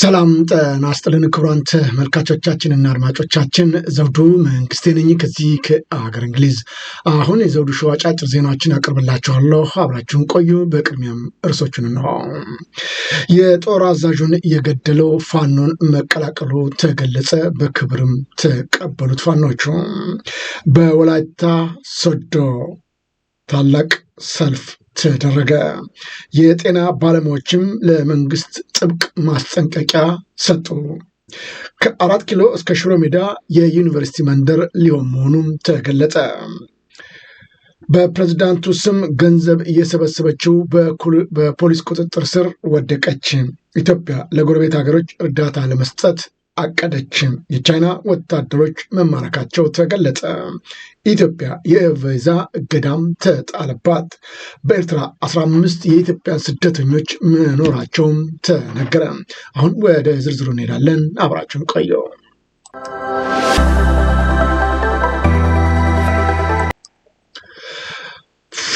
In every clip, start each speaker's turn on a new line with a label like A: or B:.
A: ሰላም ጤና ይስጥልን ክቡራን ተመልካቾቻችንና አድማጮቻችን ዘውዱ መንግስቴ ነኝ ከዚህ ከሀገር እንግሊዝ። አሁን የዘውዱ ሾው አጫጭር ዜናዎችን አቅርብላችኋለሁ አብራችሁን ቆዩ። በቅድሚያም እርሶቹን እንሆ። የጦር አዛዡን የገደለው ፋኖን መቀላቀሉ ተገለጸ፣ በክብርም ተቀበሉት ፋኖቹ። በወላይታ ሶዶ ታላቅ ሰልፍ ተደረገ። የጤና ባለሙያዎችም ለመንግስት ጥብቅ ማስጠንቀቂያ ሰጡ። ከአራት ኪሎ እስከ ሽሮ ሜዳ የዩኒቨርሲቲ መንደር ሊሆን መሆኑም ተገለጠ። በፕሬዝዳንቱ ስም ገንዘብ እየሰበሰበችው በፖሊስ ቁጥጥር ስር ወደቀች። ኢትዮጵያ ለጎረቤት ሀገሮች እርዳታ ለመስጠት አቀደችም የቻይና ወታደሮች መማረካቸው ተገለጸ። ኢትዮጵያ የቪዛ እገዳም ተጣለባት። በኤርትራ 15 የኢትዮጵያ ስደተኞች መኖራቸውም ተነገረ። አሁን ወደ ዝርዝሩ እንሄዳለን። አብራችሁን ቆዩ።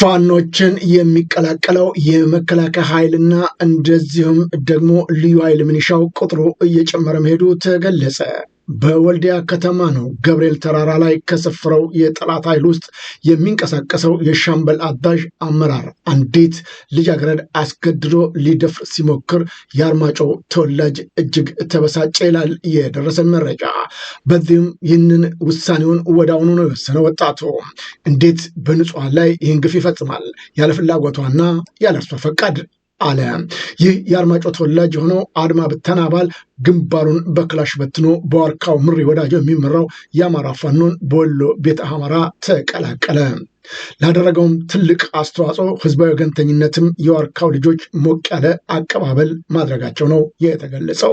A: ፋኖችን የሚቀላቀለው የመከላከያ ኃይልና እንደዚሁም ደግሞ ልዩ ኃይል ምንሻው ቁጥሩ እየጨመረ መሄዱ ተገለጸ። በወልዲያ ከተማ ነው። ገብርኤል ተራራ ላይ ከሰፈረው የጠላት ኃይል ውስጥ የሚንቀሳቀሰው የሻምበል አዛዥ አመራር አንዲት ልጃገረድ አስገድዶ ሊደፍር ሲሞክር የአርማጮ ተወላጅ እጅግ ተበሳጨ ይላል የደረሰን መረጃ። በዚህም ይህንን ውሳኔውን ወዳውኑ ነው የወሰነ ወጣቱ። እንዴት በንጹሐን ላይ ይህን ግፍ ይፈጽማል? ያለ ፍላጎቷና ያለ እርሷ ፈቃድ አለ። ይህ የአርማጮ ተወላጅ የሆነው አድማ ብተና አባል ግንባሩን በክላሽ በትኖ በዋርካው ምሪ ወዳጆ የሚመራው የአማራ ፋኖን በወሎ ቤተ አማራ ተቀላቀለ። ላደረገውም ትልቅ አስተዋጽኦ ህዝባዊ ወገንተኝነትም የዋርካው ልጆች ሞቅ ያለ አቀባበል ማድረጋቸው ነው የተገለጸው።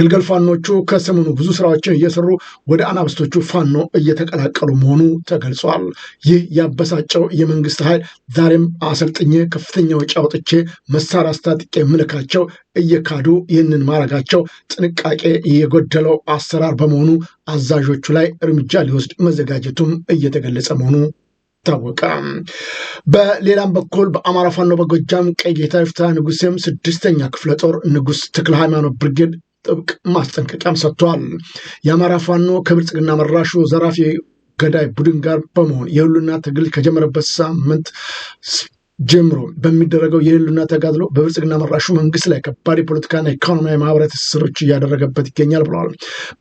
A: ግልገል ፋኖቹ ከሰሞኑ ብዙ ስራዎችን እየሰሩ ወደ አናብስቶቹ ፋኖ እየተቀላቀሉ መሆኑ ተገልጿል። ይህ ያበሳጨው የመንግስት ኃይል ዛሬም አሰልጥኜ ከፍተኛ ወጪ አውጥቼ መሳሪያ አስታጥቄ ምልካቸው እየካዱ ይህንን ማድረጋቸው ጥንቃቄ የጎደለው አሰራር በመሆኑ አዛዦቹ ላይ እርምጃ ሊወስድ መዘጋጀቱም እየተገለጸ መሆኑ ታወቀ። በሌላም በኩል በአማራ ፋኖ በጎጃም ቀይ ጌታ ንጉሴም ስድስተኛ ክፍለ ጦር ንጉስ ተክለ ሃይማኖት ብርጌድ ጥብቅ ማስጠንቀቂያም ሰጥቷል። የአማራ ፋኖ ከብልጽግና መራሹ ዘራፊ ገዳይ ቡድን ጋር በመሆን የሁሉና ትግል ከጀመረበት ሳምንት ጀምሮ በሚደረገው የህልና ተጋድሎ በብልጽግና መራሹ መንግስት ላይ ከባድ የፖለቲካና ኢኮኖሚያዊ ማህበራዊ ትስስሮች እያደረገበት ይገኛል ብለዋል።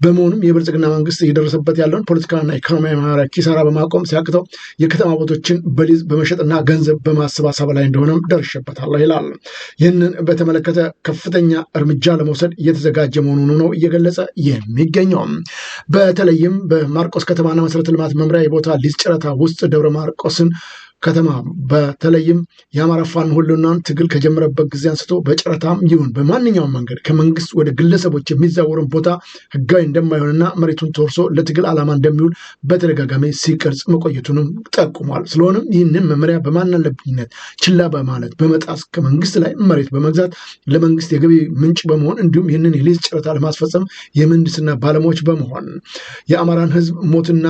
A: በመሆኑም የብልጽግና መንግስት እየደረሰበት ያለውን ፖለቲካና ኢኮኖሚያዊ ማህበራዊ ኪሳራ በማቆም ሲያቅተው የከተማ ቦቶችን በሊዝ በመሸጥና ገንዘብ በማሰባሰብ ላይ እንደሆነም ደርሼበታለሁ ይላል። ይህንን በተመለከተ ከፍተኛ እርምጃ ለመውሰድ እየተዘጋጀ መሆኑን ነው እየገለጸ የሚገኘው። በተለይም በማርቆስ ከተማና መሰረተ ልማት መምሪያ የቦታ ሊዝ ጨረታ ውስጥ ደብረ ማርቆስን ከተማ በተለይም የአማራ ፋኖ ህልውናን ትግል ከጀመረበት ጊዜ አንስቶ በጨረታም ይሁን በማንኛውም መንገድ ከመንግስት ወደ ግለሰቦች የሚዛወርን ቦታ ህጋዊ እንደማይሆንና መሬቱን ተወርሶ ለትግል ዓላማ እንደሚውል በተደጋጋሚ ሲቀርጽ መቆየቱንም ጠቁሟል። ስለሆነም ይህንን መመሪያ በማናለብኝነት ችላ በማለት በመጣስ ከመንግስት ላይ መሬት በመግዛት ለመንግስት የገቢ ምንጭ በመሆን እንዲሁም ይህንን የሊዝ ጨረታ ለማስፈጸም የምህንድስና ባለሙያዎች በመሆን የአማራን ህዝብ ሞትና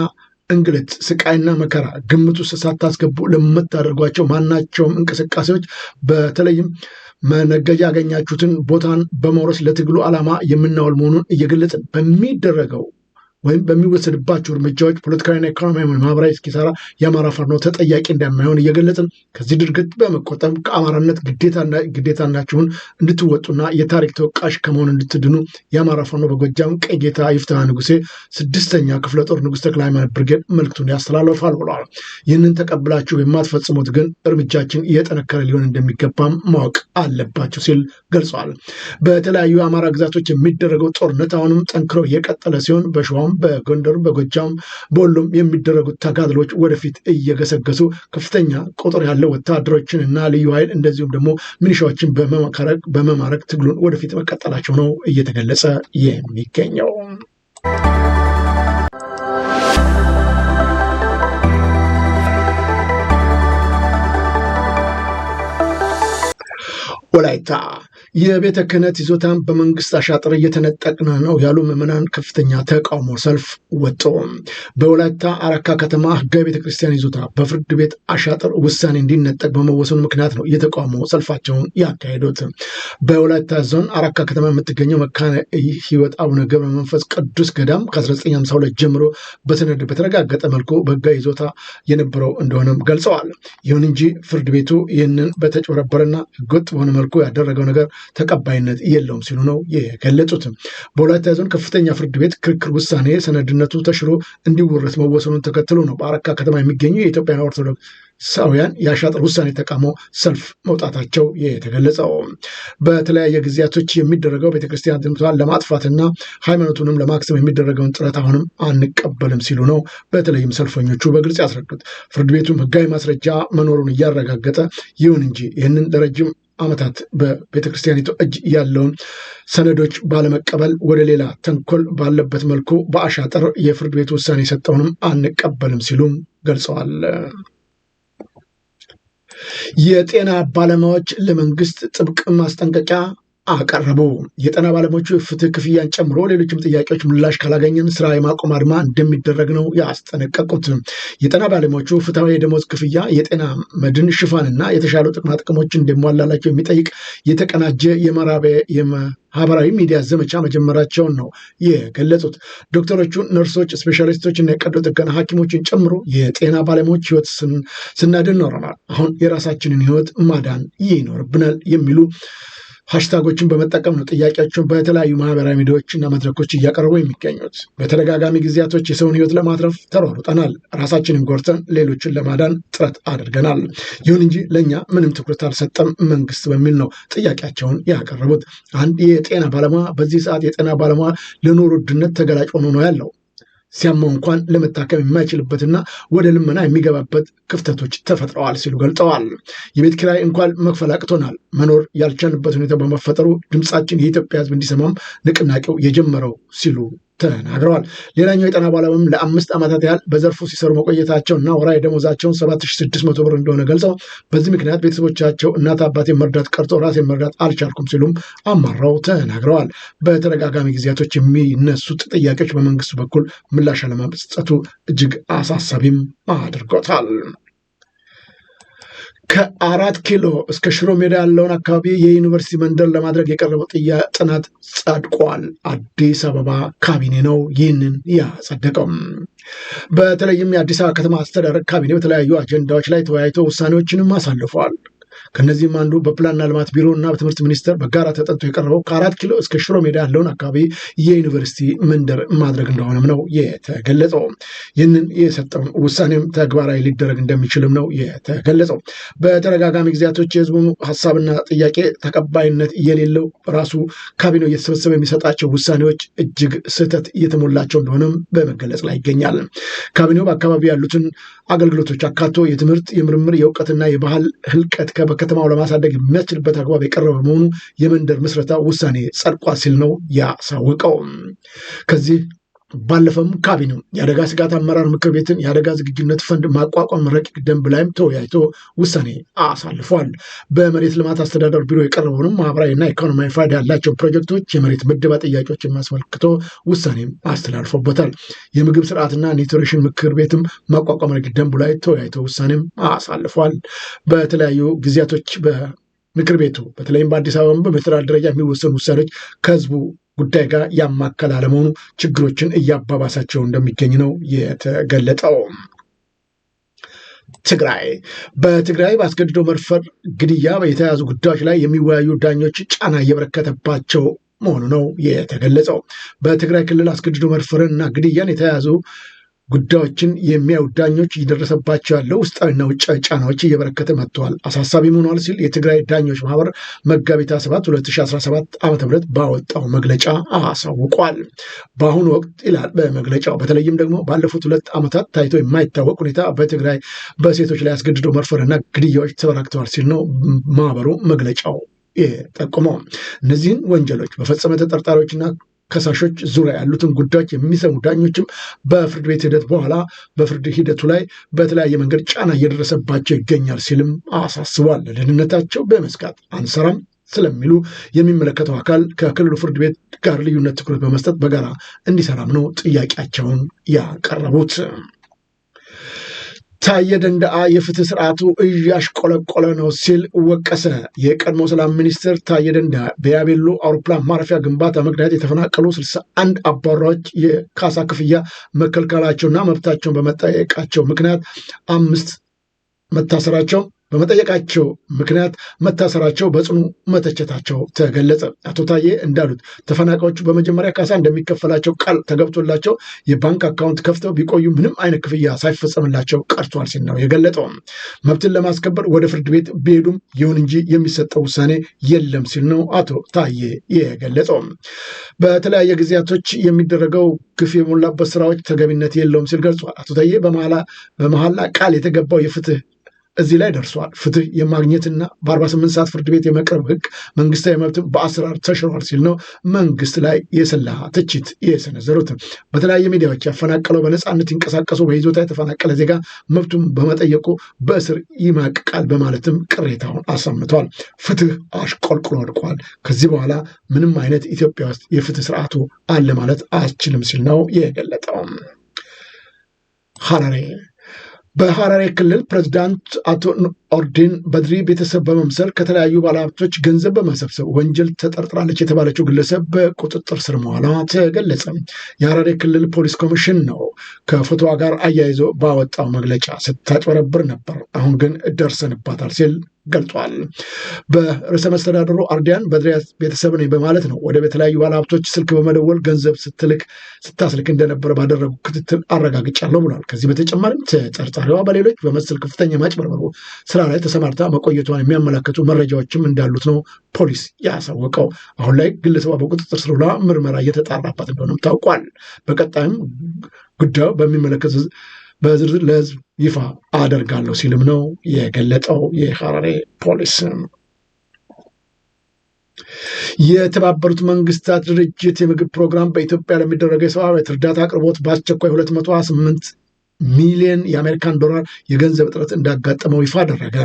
A: እንግልት፣ ስቃይና መከራ ግምት ውስጥ ሳታስገቡ ለምታደርጓቸው ማናቸውም እንቅስቃሴዎች በተለይም መነገጃ ያገኛችሁትን ቦታን በመውረስ ለትግሉ ዓላማ የምናውል መሆኑን እየገለጽን በሚደረገው ወይም በሚወሰድባቸው እርምጃዎች ፖለቲካዊና ኢኮኖሚያዊ ማህበራዊ እስኪሰራ የአማራ ፋኖ ተጠያቂ እንደማይሆን እየገለጽን ከዚህ ድርጊት በመቆጠብ ከአማራነት ግዴታናችሁን እንድትወጡና የታሪክ ተወቃሽ ከመሆን እንድትድኑ የአማራ ፋኖ በጎጃም ቀይ ጌታ ይፍትሐ ንጉሴ ስድስተኛ ክፍለ ጦር ንጉሥ ተክለ ሃይማኖት ብርጌድ መልክቱን ያስተላልፋል ብለዋል። ይህንን ተቀብላችሁ የማትፈጽሙት ግን እርምጃችን እየጠነከረ ሊሆን እንደሚገባም ማወቅ አለባቸው ሲል ገልጸዋል። በተለያዩ የአማራ ግዛቶች የሚደረገው ጦርነት አሁንም ጠንክሮ የቀጠለ ሲሆን በሸዋም በጎንደሩም፣ በጎጃም፣ በሁሉም የሚደረጉት ተጋድሎች ወደፊት እየገሰገሱ ከፍተኛ ቁጥር ያለው እና ልዩ ኃይል እንደዚሁም ደግሞ ሚኒሻዎችን በመማረክ ትግሉን ወደፊት መቀጠላቸው ነው እየተገለጸ የሚገኘው። ወላይታ የቤተ ክህነት ይዞታን በመንግስት አሻጥር እየተነጠቅን ነው ያሉ ምዕመናን ከፍተኛ ተቃውሞ ሰልፍ ወጡ። በወላይታ አራካ ከተማ ህጋ ቤተ ክርስቲያን ይዞታ በፍርድ ቤት አሻጥር ውሳኔ እንዲነጠቅ በመወሰኑ ምክንያት ነው የተቃውሞ ሰልፋቸውን ያካሄዱት። በወላይታ ዞን አራካ ከተማ የምትገኘው መካነ ህይወት አቡነ ገብረ መንፈስ ቅዱስ ገዳም ከ1952 ጀምሮ በሰነድ በተረጋገጠ መልኩ በህጋዊ ይዞታ የነበረው እንደሆነም ገልጸዋል። ይሁን እንጂ ፍርድ ቤቱ ይህንን በተጭበረበረና ህገወጥ በሆነ መልኩ ያደረገው ነገር ተቀባይነት የለውም ሲሉ ነው የገለጹትም። በወላይታ ዞን ከፍተኛ ፍርድ ቤት ክርክር ውሳኔ ሰነድነቱ ተሽሮ እንዲወረስ መወሰኑን ተከትሎ ነው በአረካ ከተማ የሚገኙ የኢትዮጵያ ሳውያን የአሻጥር ውሳኔ ተቃውሞ ሰልፍ መውጣታቸው የተገለጸው። በተለያየ ጊዜያቶች የሚደረገው ቤተክርስቲያን ትምህርቷን ለማጥፋትና ሃይማኖቱንም ለማክሰም የሚደረገውን ጥረት አሁንም አንቀበልም ሲሉ ነው በተለይም ሰልፈኞቹ በግልጽ ያስረዱት። ፍርድ ቤቱም ህጋዊ ማስረጃ መኖሩን እያረጋገጠ ይሁን እንጂ ይህንን ለረጅም ዓመታት በቤተ ክርስቲያኒቱ እጅ ያለውን ሰነዶች ባለመቀበል ወደ ሌላ ተንኮል ባለበት መልኩ በአሻጥር የፍርድ ቤት ውሳኔ የሰጠውንም አንቀበልም ሲሉም ገልጸዋል። የጤና ባለሙያዎች ለመንግስት ጥብቅ ማስጠንቀቂያ አቀረቡ። የጤና ባለሙያዎቹ ፍትህ ክፍያን ጨምሮ ሌሎችም ጥያቄዎች ምላሽ ካላገኘን ስራ የማቆም አድማ እንደሚደረግ ነው ያስጠነቀቁት። የጤና ባለሙያዎቹ ፍትሐዊ የደሞዝ ክፍያ፣ የጤና መድን ሽፋንና የተሻሉ ጥቅማ ጥቅሞች እንዲሟላላቸው የሚጠይቅ የተቀናጀ ማህበራዊ ሚዲያ ዘመቻ መጀመራቸውን ነው የገለጹት። ዶክተሮቹ፣ ነርሶች፣ ስፔሻሊስቶች እና የቀዶ ጥገና ሐኪሞችን ጨምሮ የጤና ባለሙያዎች ህይወት ስናድን ኖረናል፣ አሁን የራሳችንን ህይወት ማዳን ይኖርብናል የሚሉ ሀሽታጎችን በመጠቀም ነው ጥያቄያቸውን በተለያዩ ማህበራዊ ሚዲያዎችና መድረኮች እያቀረቡ የሚገኙት። በተደጋጋሚ ጊዜያቶች የሰውን ህይወት ለማትረፍ ተሯሩጠናል። ራሳችንን ጎርተን ሌሎችን ለማዳን ጥረት አድርገናል። ይሁን እንጂ ለእኛ ምንም ትኩረት አልሰጠም መንግስት በሚል ነው ጥያቄያቸውን ያቀረቡት። አንድ የጤና ባለሙያ በዚህ ሰዓት የጤና ባለሙያ ለኑሮ ውድነት ተገላጭ ሆኖ ነው ያለው። ሲያመው እንኳን ለመታከም የማይችልበትና ወደ ልመና የሚገባበት ክፍተቶች ተፈጥረዋል ሲሉ ገልጠዋል። የቤት ኪራይ እንኳን መክፈል አቅቶናል፣ መኖር ያልቻልንበት ሁኔታ በመፈጠሩ ድምፃችን የኢትዮጵያ ሕዝብ እንዲሰማም ንቅናቄው የጀመረው ሲሉ ተናግረዋል። ሌላኛው የጤና ባለሙያም ለአምስት ዓመታት ያህል በዘርፉ ሲሰሩ መቆየታቸው እና ወራ የደሞዛቸውን 7600 ብር እንደሆነ ገልጸው በዚህ ምክንያት ቤተሰቦቻቸው እናት አባት መርዳት ቀርቶ ራሴ መርዳት አልቻልኩም ሲሉም አማራው ተናግረዋል። በተደጋጋሚ ጊዜያቶች የሚነሱት ጥያቄዎች በመንግስቱ በኩል ምላሽ አለመስጠቱ እጅግ አሳሳቢም አድርጎታል። ከአራት ኪሎ እስከ ሽሮ ሜዳ ያለውን አካባቢ የዩኒቨርሲቲ መንደር ለማድረግ የቀረበው ጥናት ጸድቋል። አዲስ አበባ ካቢኔ ነው ይህንን ያጸደቀው። በተለይም የአዲስ አበባ ከተማ አስተዳደር ካቢኔ በተለያዩ አጀንዳዎች ላይ ተወያይቶ ውሳኔዎችንም አሳልፏል። ከነዚህም አንዱ በፕላንና ልማት ቢሮ እና በትምህርት ሚኒስቴር በጋራ ተጠንቶ የቀረበው ከአራት ኪሎ እስከ ሽሮ ሜዳ ያለውን አካባቢ የዩኒቨርሲቲ መንደር ማድረግ እንደሆነም ነው የተገለጸው። ይህንን የሰጠውን ውሳኔም ተግባራዊ ሊደረግ እንደሚችልም ነው የተገለጸው። በተደጋጋሚ ጊዜያቶች የህዝቡን ሀሳብና ጥያቄ ተቀባይነት የሌለው ራሱ ካቢኔው እየተሰበሰበ የሚሰጣቸው ውሳኔዎች እጅግ ስህተት እየተሞላቸው እንደሆነም በመገለጽ ላይ ይገኛል። ካቢኔው በአካባቢ ያሉትን አገልግሎቶች አካቶ የትምህርት፣ የምርምር፣ የእውቀትና የባህል ህልቀት በከተማው ለማሳደግ የሚያስችልበት አግባብ የቀረበ በመሆኑ የመንደር ምስረታ ውሳኔ ጸድቋ ሲል ነው ያሳወቀው። ከዚህ ባለፈውም ካቢኔው የአደጋ ስጋት አመራር ምክር ቤትን የአደጋ ዝግጁነት ፈንድ ማቋቋም ረቂቅ ደንብ ላይም ተወያይቶ ውሳኔ አሳልፏል። በመሬት ልማት አስተዳደር ቢሮ የቀረበውንም ማህበራዊና ኢኮኖሚያዊ ፋይዳ ያላቸው ፕሮጀክቶች የመሬት ምደባ ጥያቄዎችን አስመልክቶ ውሳኔም አስተላልፎበታል። የምግብ ስርዓትና ኒትሪሽን ምክር ቤትም ማቋቋም ረቂቅ ደንቡ ላይ ተወያይቶ ውሳኔም አሳልፏል። በተለያዩ ጊዜያቶች በምክር ቤቱ በተለይም በአዲስ አበባ በፌደራል ደረጃ የሚወሰኑ ውሳኔዎች ከህዝቡ ጉዳይ ጋር ያማከለ አለመሆኑ ችግሮችን እያባባሳቸው እንደሚገኝ ነው የተገለጠው። ትግራይ በትግራይ በአስገድዶ መድፈር ግድያ የተያዙ ጉዳዮች ላይ የሚወያዩ ዳኞች ጫና እየበረከተባቸው መሆኑ ነው የተገለጸው። በትግራይ ክልል አስገድዶ መድፈርን እና ግድያን የተያዙ ጉዳዮችን የሚያዩ ዳኞች እየደረሰባቸው ያለው ውስጣዊና ውጭ ጫናዎች እየበረከተ መጥተዋል፣ አሳሳቢም ሆኗል ሲል የትግራይ ዳኞች ማህበር መጋቢት 7 2017 ዓ ም ባወጣው መግለጫ አሳውቋል። በአሁኑ ወቅት ይላል በመግለጫው በተለይም ደግሞ ባለፉት ሁለት ዓመታት ታይቶ የማይታወቅ ሁኔታ በትግራይ በሴቶች ላይ አስገድዶ መድፈርና ግድያዎች ተበራክተዋል ሲል ነው ማህበሩ መግለጫው የጠቁመው። እነዚህን ወንጀሎች በፈጸመ ተጠርጣሪዎችና ከሳሾች ዙሪያ ያሉትን ጉዳዮች የሚሰሙ ዳኞችም በፍርድ ቤት ሂደት በኋላ በፍርድ ሂደቱ ላይ በተለያየ መንገድ ጫና እየደረሰባቸው ይገኛል ሲልም አሳስቧል። ለደህንነታቸው በመስጋት አንሰራም ስለሚሉ የሚመለከተው አካል ከክልሉ ፍርድ ቤት ጋር ልዩነት ትኩረት በመስጠት በጋራ እንዲሰራም ነው ጥያቄያቸውን ያቀረቡት። ታዬ ደንደአ የፍትህ ስርዓቱ እያሽቆለቆለ ነው ሲል ወቀሰ። የቀድሞ ሰላም ሚኒስትር ታዬ ደንደአ በያቤሎ አውሮፕላን ማረፊያ ግንባታ ምክንያት የተፈናቀሉ ስልሳ አንድ አባወራዎች የካሳ ክፍያ መከልከላቸውና መብታቸውን በመጠየቃቸው ምክንያት አምስት መታሰራቸው በመጠየቃቸው ምክንያት መታሰራቸው በጽኑ መተቸታቸው ተገለጸ። አቶ ታዬ እንዳሉት ተፈናቃዮቹ በመጀመሪያ ካሳ እንደሚከፈላቸው ቃል ተገብቶላቸው የባንክ አካውንት ከፍተው ቢቆዩ ምንም አይነት ክፍያ ሳይፈጸምላቸው ቀርቷል ሲል ነው የገለጠው። መብትን ለማስከበር ወደ ፍርድ ቤት ቢሄዱም ይሁን እንጂ የሚሰጠው ውሳኔ የለም ሲል ነው አቶ ታዬ የገለጸው። በተለያየ ጊዜያቶች የሚደረገው ግፍ የሞላበት ስራዎች ተገቢነት የለውም ሲል ገልጿል። አቶ ታዬ በመሐላ ቃል የተገባው የፍትህ እዚህ ላይ ደርሷል። ፍትህ የማግኘትና በ48 ሰዓት ፍርድ ቤት የመቅረብ ህግ መንግስታዊ መብትን በአሰራር ተሽሯል ሲል ነው መንግስት ላይ የሰላ ትችት የሰነዘሩት። በተለያየ ሚዲያዎች ያፈናቀለው በነፃነት ይንቀሳቀሱ በይዞታ የተፈናቀለ ዜጋ መብቱን በመጠየቁ በእስር ይማቅቃል በማለትም ቅሬታውን አሰምቷል። ፍትህ አሽቆልቁሎ ወድቋል። ከዚህ በኋላ ምንም አይነት ኢትዮጵያ ውስጥ የፍትህ ስርዓቱ አለ ማለት አችልም ሲል ነው የገለጠው። ሐራሬ በሐራሬ ክልል ፕሬዚዳንት አቶ ኦርዲን በድሪ ቤተሰብ በመምሰል ከተለያዩ ባለሀብቶች ገንዘብ በመሰብሰብ ወንጀል ተጠርጥራለች የተባለችው ግለሰብ በቁጥጥር ስር መዋሏ ተገለጸ። የሐራሬ ክልል ፖሊስ ኮሚሽን ነው ከፎቶዋ ጋር አያይዞ ባወጣው መግለጫ ስታጭበረብር ነበር፣ አሁን ግን ደርሰንባታል ሲል ገልጿል። በርዕሰ መስተዳድሩ አርዲያን በድሪያስ ቤተሰብ ነኝ በማለት ነው ወደ የተለያዩ ባለሀብቶች ስልክ በመደወል ገንዘብ ስትልክ ስታስልክ እንደነበረ ባደረጉ ክትትል አረጋግጫለሁ ብሏል። ከዚህ በተጨማሪም ተጠርጣሪዋ በሌሎች በመሰል ከፍተኛ ማጭበርበሩ ስራ ላይ ተሰማርታ መቆየቷን የሚያመላክቱ መረጃዎችም እንዳሉት ነው ፖሊስ ያሳወቀው። አሁን ላይ ግለሰቧ በቁጥጥር ስር ውላ ምርመራ እየተጣራባት እንደሆነም ታውቋል። በቀጣይም ጉዳዩ በሚመለከት በዝርዝር ለህዝብ ይፋ አደርጋለሁ ሲልም ነው የገለጠው የሐራሬ ፖሊስ። የተባበሩት መንግስታት ድርጅት የምግብ ፕሮግራም በኢትዮጵያ ለሚደረገው የሰብአዊ እርዳታ አቅርቦት በአስቸኳይ 28 ሚሊዮን የአሜሪካን ዶላር የገንዘብ እጥረት እንዳጋጠመው ይፋ አደረገ።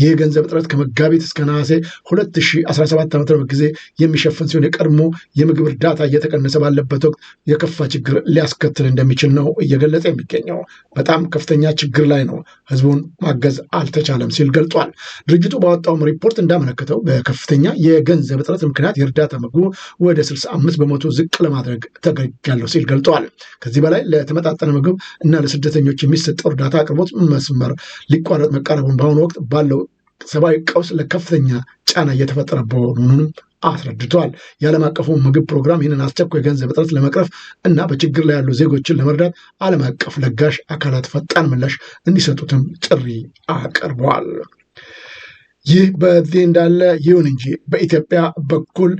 A: ይህ የገንዘብ እጥረት ከመጋቢት እስከ ነሐሴ 2017 ም ጊዜ የሚሸፍን ሲሆን የቀድሞ የምግብ እርዳታ እየተቀነሰ ባለበት ወቅት የከፋ ችግር ሊያስከትል እንደሚችል ነው እየገለጸ የሚገኘው። በጣም ከፍተኛ ችግር ላይ ነው፣ ህዝቡን ማገዝ አልተቻለም ሲል ገልጿል። ድርጅቱ ባወጣውም ሪፖርት እንዳመለከተው በከፍተኛ የገንዘብ እጥረት ምክንያት የእርዳታ ምግቡ ወደ 65 በመቶ ዝቅ ለማድረግ ተገጃለሁ ሲል ገልጠዋል። ከዚህ በላይ ለተመጣጠነ ምግብ እና ለስደት ለስደተኞች የሚሰጠው እርዳታ አቅርቦት መስመር ሊቋረጥ መቃረቡን በአሁኑ ወቅት ባለው ሰብአዊ ቀውስ ለከፍተኛ ጫና እየተፈጠረ መሆኑንም አስረድተዋል። የዓለም አቀፉ ምግብ ፕሮግራም ይህንን አስቸኳይ የገንዘብ እጥረት ለመቅረፍ እና በችግር ላይ ያሉ ዜጎችን ለመርዳት ዓለም አቀፍ ለጋሽ አካላት ፈጣን ምላሽ እንዲሰጡትም ጥሪ አቅርበዋል። ይህ በዚህ እንዳለ ይሁን እንጂ በኢትዮጵያ በኩል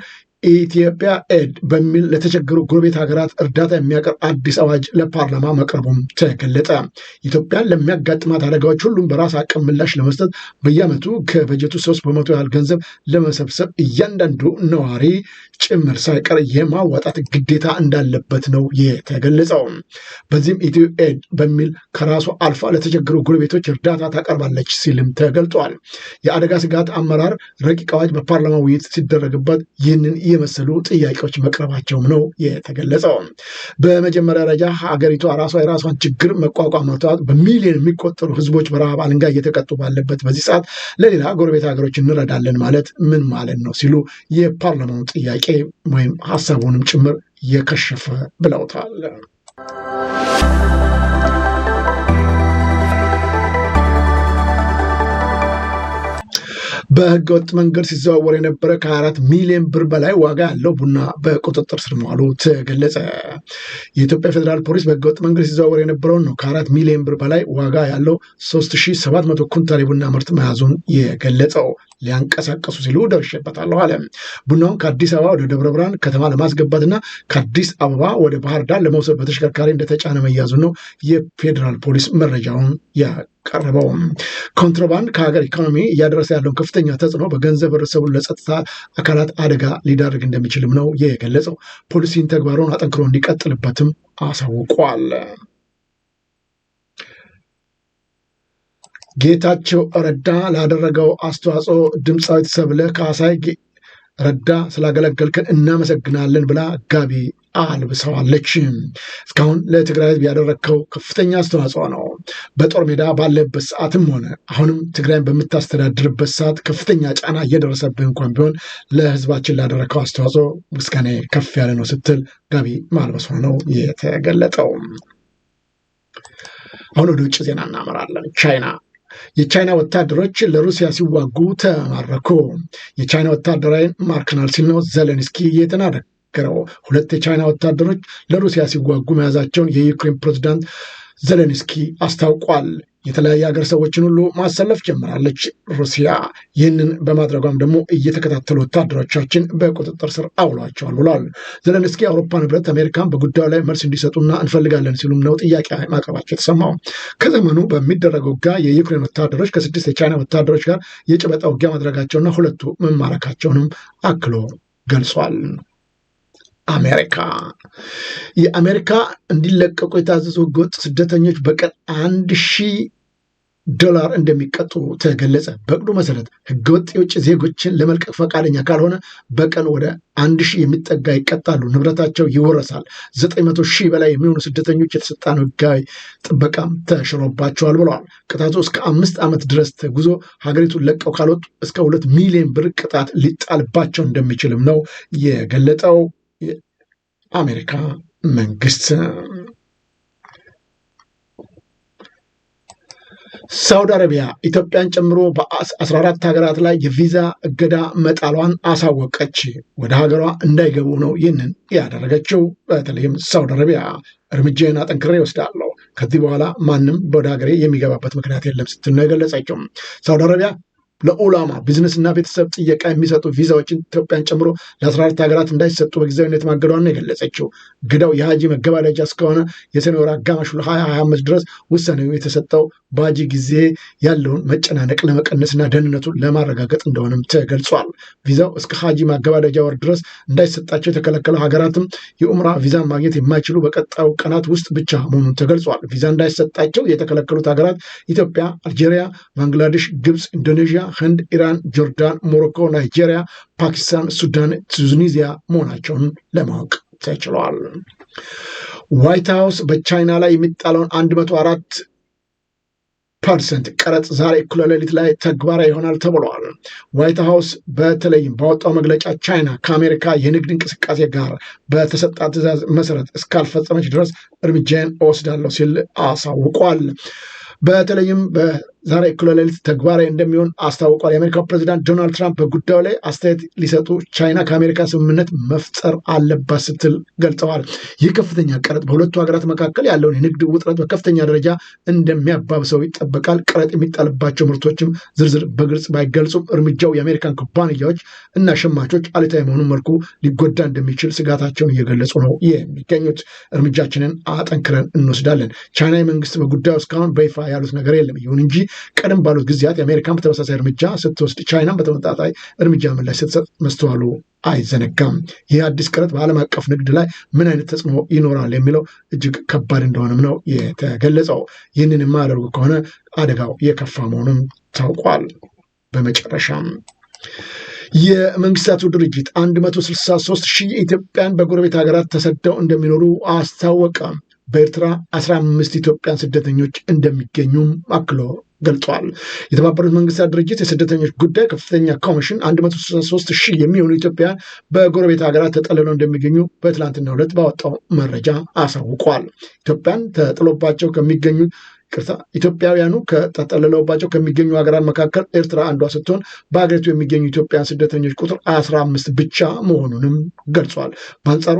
A: ኢትዮጵያ ኤድ በሚል ለተቸገሩ ጎረቤት ሀገራት እርዳታ የሚያቀርብ አዲስ አዋጅ ለፓርላማ መቅረቡም ተገለጠ። ኢትዮጵያን ለሚያጋጥማት አደጋዎች ሁሉም በራስ አቅም ምላሽ ለመስጠት በየዓመቱ ከበጀቱ ሶስት በመቶ ያህል ገንዘብ ለመሰብሰብ እያንዳንዱ ነዋሪ ጭምር ሳይቀር የማዋጣት ግዴታ እንዳለበት ነው የተገለጸው። በዚህም ኢትዮ ኤድ በሚል ከራሱ አልፋ ለተቸገሩ ጎረቤቶች እርዳታ ታቀርባለች ሲልም ተገልጧል። የአደጋ ስጋት አመራር ረቂቅ አዋጅ በፓርላማ ውይይት ሲደረግበት ይህንን የመሰሉ ጥያቄዎች መቅረባቸውም ነው የተገለጸው። በመጀመሪያ ደረጃ ሀገሪቷ ራሷ የራሷን ችግር መቋቋማቷ በሚሊዮን የሚቆጠሩ ህዝቦች በረሃብ አልንጋ እየተቀጡ ባለበት በዚህ ሰዓት ለሌላ ጎረቤት ሀገሮች እንረዳለን ማለት ምን ማለት ነው ሲሉ የፓርላማው ጥያቄ ወይም ሀሳቡንም ጭምር የከሸፈ ብለውታል። በህገወጥ መንገድ ሲዘዋወር የነበረ ከ ከአራት ሚሊዮን ብር በላይ ዋጋ ያለው ቡና በቁጥጥር ስር መዋሉ ተገለጸ። የኢትዮጵያ ፌዴራል ፖሊስ በህገወጥ መንገድ ሲዘዋወር የነበረውን ነው ከአራት ሚሊዮን ብር በላይ ዋጋ ያለው 3700 ኩንታል የቡና ምርት መያዙን የገለጸው ሊያንቀሳቀሱ ሲሉ ደርሼበታለሁ አለ። ቡናውን ከአዲስ አበባ ወደ ደብረ ብርሃን ከተማ ለማስገባትና ከአዲስ አበባ ወደ ባህር ዳር ለመውሰድ በተሽከርካሪ እንደተጫነ መያዙን ነው የፌዴራል ፖሊስ መረጃውን ያ ቀረበው። ኮንትሮባንድ ከሀገር ኢኮኖሚ እያደረሰ ያለውን ከፍተኛ ተጽዕኖ በገንዘብ ህብረተሰቡን ለጸጥታ አካላት አደጋ ሊዳርግ እንደሚችልም ነው የገለጸው። ፖሊሲን ተግባሩን አጠንክሮ እንዲቀጥልበትም አሳውቋል። ጌታቸው ረዳ ላደረገው አስተዋጽኦ ድምፃዊት ሰብለ ካሳይ ረዳ ስላገለገልከን እናመሰግናለን ብላ ጋቢ አልብሰዋለች። እስካሁን ለትግራይ ህዝብ ያደረግከው ከፍተኛ አስተዋጽኦ ነው። በጦር ሜዳ ባለበት ሰዓትም ሆነ አሁንም ትግራይን በምታስተዳድርበት ሰዓት ከፍተኛ ጫና እየደረሰብህ እንኳን ቢሆን ለህዝባችን ላደረግከው አስተዋጽኦ ምስጋና ከፍ ያለ ነው ስትል ጋቢ ማልበሷ ነው የተገለጠው። አሁን ወደ ውጭ ዜና እናመራለን። ቻይና የቻይና ወታደሮች ለሩሲያ ሲዋጉ ተማረኩ። የቻይና ወታደራዊ ማርክናል ሲል ዘለንስኪ የተናገረው። ሁለት የቻይና ወታደሮች ለሩሲያ ሲዋጉ መያዛቸውን የዩክሬን ፕሬዚዳንት ዘለንስኪ አስታውቋል። የተለያየ ሀገር ሰዎችን ሁሉ ማሰለፍ ጀምራለች ሩሲያ። ይህንን በማድረጓም ደግሞ እየተከታተሉ ወታደሮቻችን በቁጥጥር ስር አውሏቸዋል ብሏል ዘለንስኪ። አውሮፓ ህብረት አሜሪካን በጉዳዩ ላይ መልስ እንዲሰጡና እንፈልጋለን ሲሉም ነው ጥያቄ ማቅረባቸው የተሰማው። ከዘመኑ በሚደረገው ውጊያ የዩክሬን ወታደሮች ከስድስት የቻይና ወታደሮች ጋር የጨበጣ ውጊያ ማድረጋቸውና ሁለቱ መማረካቸውንም አክሎ ገልጿል። አሜሪካ የአሜሪካ እንዲለቀቁ የታዘዙ ህገወጥ ስደተኞች በቀን አንድ ሺህ ዶላር እንደሚቀጡ ተገለጸ። በቅዱ መሰረት ህገወጥ የውጭ ዜጎችን ለመልቀቅ ፈቃደኛ ካልሆነ በቀን ወደ አንድ ሺህ የሚጠጋ ይቀጣሉ፣ ንብረታቸው ይወረሳል። ዘጠኝ መቶ ሺህ በላይ የሚሆኑ ስደተኞች የተሰጣን ህጋዊ ጥበቃም ተሽሮባቸዋል ብለዋል። ቅጣቱ እስከ አምስት ዓመት ድረስ ተጉዞ ሀገሪቱን ለቀው ካልወጡ እስከ ሁለት ሚሊዮን ብር ቅጣት ሊጣልባቸው እንደሚችልም ነው የገለጠው። የአሜሪካ መንግስት ሳውዲ አረቢያ ኢትዮጵያን ጨምሮ በ14 ሀገራት ላይ የቪዛ እገዳ መጣሏን አሳወቀች። ወደ ሀገሯ እንዳይገቡ ነው ይህንን ያደረገችው። በተለይም ሳውዲ አረቢያ እርምጃዬን አጠንክሬ ይወስዳለሁ። ከዚህ በኋላ ማንም ወደ ሀገሬ የሚገባበት ምክንያት የለም ስትል ነው የገለጸችው። ሳውዲ አረቢያ ለኦላማ ቢዝነስና ቤተሰብ ጥየቃ የሚሰጡ ቪዛዎችን ኢትዮጵያን ጨምሮ ለ ሀገራት እንዳይሰጡ በጊዜያዊነት ማገዷን የገለጸችው ግዳው የሀጂ መገባደጃ እስከሆነ የሰኔ ወር አጋማሽ አምስት ድረስ ውሳኔው የተሰጠው በሀጂ ጊዜ ያለውን መጨናነቅ ለመቀነስና ደህንነቱን ለማረጋገጥ እንደሆነም ተገልጿል። ቪዛው እስከ ሀጂ ማገባደጃ ወር ድረስ እንዳይሰጣቸው የተከለከለው ሀገራትም የኡምራ ቪዛ ማግኘት የማይችሉ በቀጣዩ ቀናት ውስጥ ብቻ መሆኑን ተገልጿል። ቪዛ እንዳይሰጣቸው የተከለከሉት ሀገራት ኢትዮጵያ፣ አልጄሪያ፣ ባንግላዴሽ፣ ግብፅ፣ ኢንዶኔዥያ ህንድ፣ ኢራን፣ ጆርዳን፣ ሞሮኮ፣ ናይጄሪያ፣ ፓኪስታን፣ ሱዳን፣ ቱኒዚያ መሆናቸውን ለማወቅ ተችሏል። ዋይት ሀውስ በቻይና ላይ የሚጣለውን 104 ፐርሰንት ቀረጥ ዛሬ እኩለ ሌሊት ላይ ተግባራዊ ይሆናል ተብለዋል። ዋይት ሀውስ በተለይም ባወጣው መግለጫ ቻይና ከአሜሪካ የንግድ እንቅስቃሴ ጋር በተሰጣ ትዕዛዝ መሰረት እስካልፈጸመች ድረስ እርምጃን እወስዳለሁ ሲል አሳውቋል። በተለይም ዛሬ እኩለ ሌሊት ተግባራዊ እንደሚሆን አስታውቋል። የአሜሪካው ፕሬዚዳንት ዶናልድ ትራምፕ በጉዳዩ ላይ አስተያየት ሊሰጡ ቻይና ከአሜሪካ ስምምነት መፍጠር አለባት ስትል ገልጸዋል። ይህ ከፍተኛ ቀረጥ በሁለቱ ሀገራት መካከል ያለውን የንግድ ውጥረት በከፍተኛ ደረጃ እንደሚያባብሰው ይጠበቃል። ቀረጥ የሚጣልባቸው ምርቶችም ዝርዝር በግልጽ ባይገልጹም እርምጃው የአሜሪካን ኩባንያዎች እና ሸማቾች አሉታዊ መሆኑን መልኩ ሊጎዳ እንደሚችል ስጋታቸውን እየገለጹ ነው የሚገኙት። እርምጃችንን አጠንክረን እንወስዳለን። ቻይና የመንግስት በጉዳዩ እስካሁን በይፋ ያሉት ነገር የለም። ይሁን እንጂ ቀደም ባሉት ጊዜያት የአሜሪካን በተመሳሳይ እርምጃ ስትወስድ፣ ቻይናን በተመጣጣይ እርምጃ ምላሽ ስትሰጥ መስተዋሉ አይዘነጋም። ይህ አዲስ ቀረጥ በዓለም አቀፍ ንግድ ላይ ምን አይነት ተጽዕኖ ይኖራል የሚለው እጅግ ከባድ እንደሆነም ነው የተገለጸው። ይህንን የማያደርጉ ከሆነ አደጋው የከፋ መሆኑም ታውቋል። በመጨረሻም የመንግስታቱ ድርጅት 163 ሺህ ኢትዮጵያን በጎረቤት ሀገራት ተሰደው እንደሚኖሩ አስታወቀ። በኤርትራ 15 ኢትዮጵያን ስደተኞች እንደሚገኙም አክሎ ገልጿል። የተባበሩት መንግስታት ድርጅት የስደተኞች ጉዳይ ከፍተኛ ኮሚሽን 163 ሺህ የሚሆኑ ኢትዮጵያ በጎረቤት ሀገራት ተጠልለው እንደሚገኙ በትላንትና ዕለት ባወጣው መረጃ አሳውቋል። ኢትዮጵያን ተጥሎባቸው ከሚገኙ ቅርታ ኢትዮጵያውያኑ ከተጠልለውባቸው ከሚገኙ ሀገራት መካከል ኤርትራ አንዷ ስትሆን በሀገሪቱ የሚገኙ ኢትዮጵያን ስደተኞች ቁጥር አስራ አምስት ብቻ መሆኑንም ገልጿል። በአንጻሩ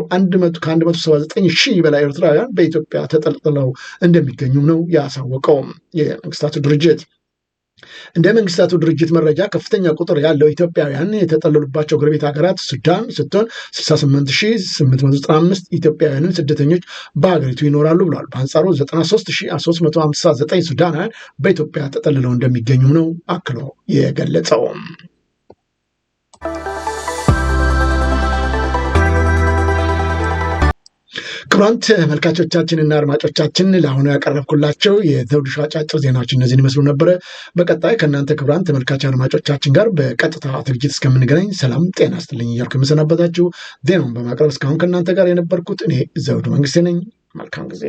A: ከአንድ መቶ ሰባ ዘጠኝ ሺህ በላይ ኤርትራውያን በኢትዮጵያ ተጠልጥለው እንደሚገኙም ነው ያሳወቀው የመንግስታቱ ድርጅት እንደ መንግስታቱ ድርጅት መረጃ ከፍተኛ ቁጥር ያለው ኢትዮጵያውያን የተጠለሉባቸው ጎረቤት ሀገራት ሱዳን ስትሆን 68895 ኢትዮጵያውያንን ስደተኞች በሀገሪቱ ይኖራሉ ብለዋል። በአንጻሩ 93359 ሱዳናውያን በኢትዮጵያ ተጠልለው እንደሚገኙ ነው አክሎ የገለጸው። ክቡራን ተመልካቾቻችንና አድማጮቻችን ለአሁኑ ያቀረብኩላቸው የዘውዱ ሾው አጫጭር ዜናዎች እነዚህን ይመስሉ ነበረ። በቀጣይ ከእናንተ ክቡራን ተመልካች አድማጮቻችን ጋር በቀጥታ ዝግጅት እስከምንገናኝ ሰላም ጤና ይስጥልኝ እያልኩ የምሰናበታችሁ ዜናውን በማቅረብ እስካሁን ከእናንተ ጋር የነበርኩት እኔ ዘውዱ መንግስቴ ነኝ። መልካም ጊዜ